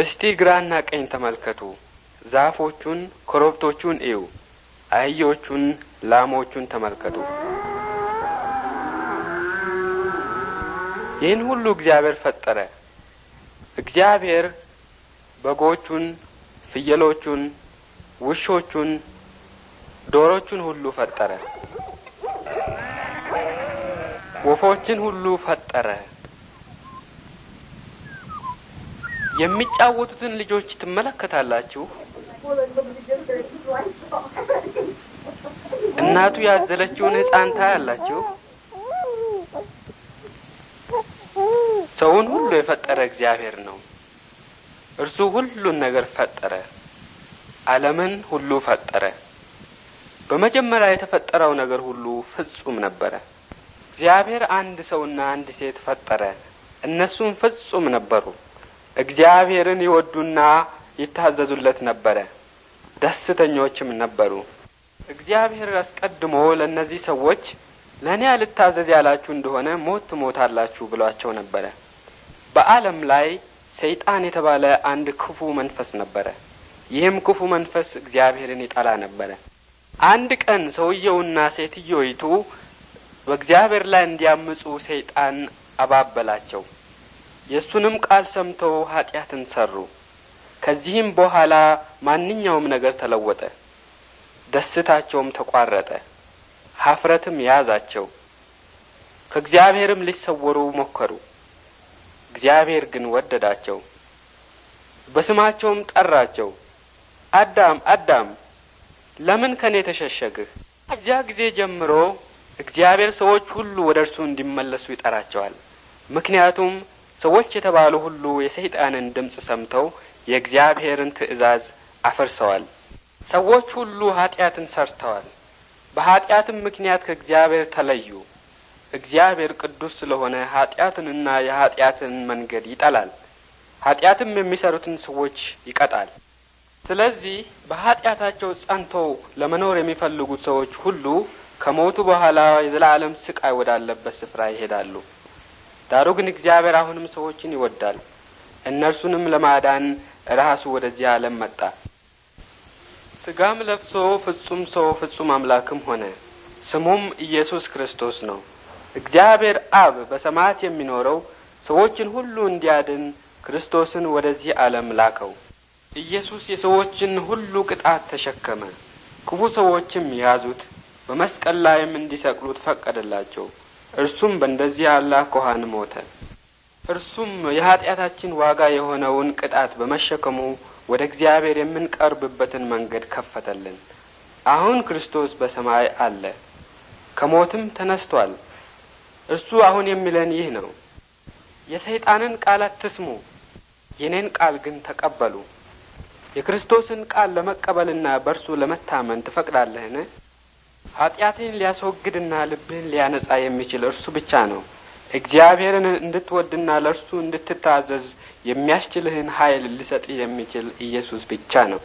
እስቲ ግራና ቀኝ ተመልከቱ። ዛፎቹን፣ ኮረብቶቹን እዩ። አህዮቹን፣ ላሞቹን ተመልከቱ። ይህን ሁሉ እግዚአብሔር ፈጠረ። እግዚአብሔር በጎቹን፣ ፍየሎቹን፣ ውሾቹን፣ ዶሮቹን ሁሉ ፈጠረ። ወፎችን ሁሉ ፈጠረ። የሚጫወቱትን ልጆች ትመለከታላችሁ። እናቱ ያዘለችውን ሕፃን ታያላችሁ። ሰውን ሁሉ የፈጠረ እግዚአብሔር ነው። እርሱ ሁሉን ነገር ፈጠረ። ዓለምን ሁሉ ፈጠረ። በመጀመሪያ የተፈጠረው ነገር ሁሉ ፍጹም ነበረ። እግዚአብሔር አንድ ሰውና አንድ ሴት ፈጠረ። እነሱም ፍጹም ነበሩ። እግዚአብሔርን ይወዱና ይታዘዙለት ነበረ፣ ደስተኞችም ነበሩ። እግዚአብሔር አስቀድሞ ለእነዚህ ሰዎች ለእኔ አልታዘዝ ያላችሁ እንደሆነ ሞት ትሞታላችሁ ብሏቸው ነበረ። በዓለም ላይ ሰይጣን የተባለ አንድ ክፉ መንፈስ ነበረ። ይህም ክፉ መንፈስ እግዚአብሔርን ይጠላ ነበረ። አንድ ቀን ሰውየውና ሴትዮይቱ በእግዚአብሔር ላይ እንዲያምፁ ሰይጣን አባበላቸው። የእሱንም ቃል ሰምተው ኃጢአትን ሰሩ። ከዚህም በኋላ ማንኛውም ነገር ተለወጠ፣ ደስታቸውም ተቋረጠ፣ ሀፍረትም ያዛቸው። ከእግዚአብሔርም ሊሰወሩ ሞከሩ። እግዚአብሔር ግን ወደዳቸው፣ በስማቸውም ጠራቸው። አዳም አዳም ለምን ከኔ ተሸሸግህ? ከዚያ ጊዜ ጀምሮ እግዚአብሔር ሰዎች ሁሉ ወደ እርሱ እንዲመለሱ ይጠራቸዋል። ምክንያቱም ሰዎች የተባሉ ሁሉ የሰይጣንን ድምፅ ሰምተው የእግዚአብሔርን ትእዛዝ አፈርሰዋል። ሰዎች ሁሉ ኀጢአትን ሰርተዋል። በኀጢአትም ምክንያት ከእግዚአብሔር ተለዩ። እግዚአብሔር ቅዱስ ስለሆነ ኀጢአትንና የኀጢአትን መንገድ ይጠላል። ኀጢአትም የሚሰሩትን ሰዎች ይቀጣል። ስለዚህ በኀጢአታቸው ጸንተው ለመኖር የሚፈልጉት ሰዎች ሁሉ ከሞቱ በኋላ የዘላለም ስቃይ ወዳለበት ስፍራ ይሄዳሉ። ዳሩ ግን እግዚአብሔር አሁንም ሰዎችን ይወዳል፣ እነርሱንም ለማዳን ራሱ ወደዚህ ዓለም መጣ። ስጋም ለብሶ ፍጹም ሰው ፍጹም አምላክም ሆነ። ስሙም ኢየሱስ ክርስቶስ ነው። እግዚአብሔር አብ በሰማያት የሚኖረው ሰዎችን ሁሉ እንዲያድን ክርስቶስን ወደዚህ ዓለም ላከው። ኢየሱስ የሰዎችን ሁሉ ቅጣት ተሸከመ። ክፉ ሰዎችም ያዙት፣ በመስቀል ላይም እንዲሰቅሉት ፈቀደላቸው። እርሱም በእንደዚህ ያለ ኮሃን ሞተ። እርሱም የኃጢአታችን ዋጋ የሆነውን ቅጣት በመሸከሙ ወደ እግዚአብሔር የምንቀርብበትን መንገድ ከፈተልን። አሁን ክርስቶስ በሰማይ አለ፣ ከሞትም ተነስቷል። እርሱ አሁን የሚለን ይህ ነው። የሰይጣንን ቃል አትስሙ፣ የኔን ቃል ግን ተቀበሉ። የክርስቶስን ቃል ለመቀበልና በእርሱ ለመታመን ትፈቅዳለህን? ኃጢአትህን ሊያስወግድና ልብህን ሊያነጻ የሚችል እርሱ ብቻ ነው። እግዚአብሔርን እንድትወድና ለእርሱ እንድትታዘዝ የሚያስችልህን ኃይል ሊሰጥ የሚችል ኢየሱስ ብቻ ነው።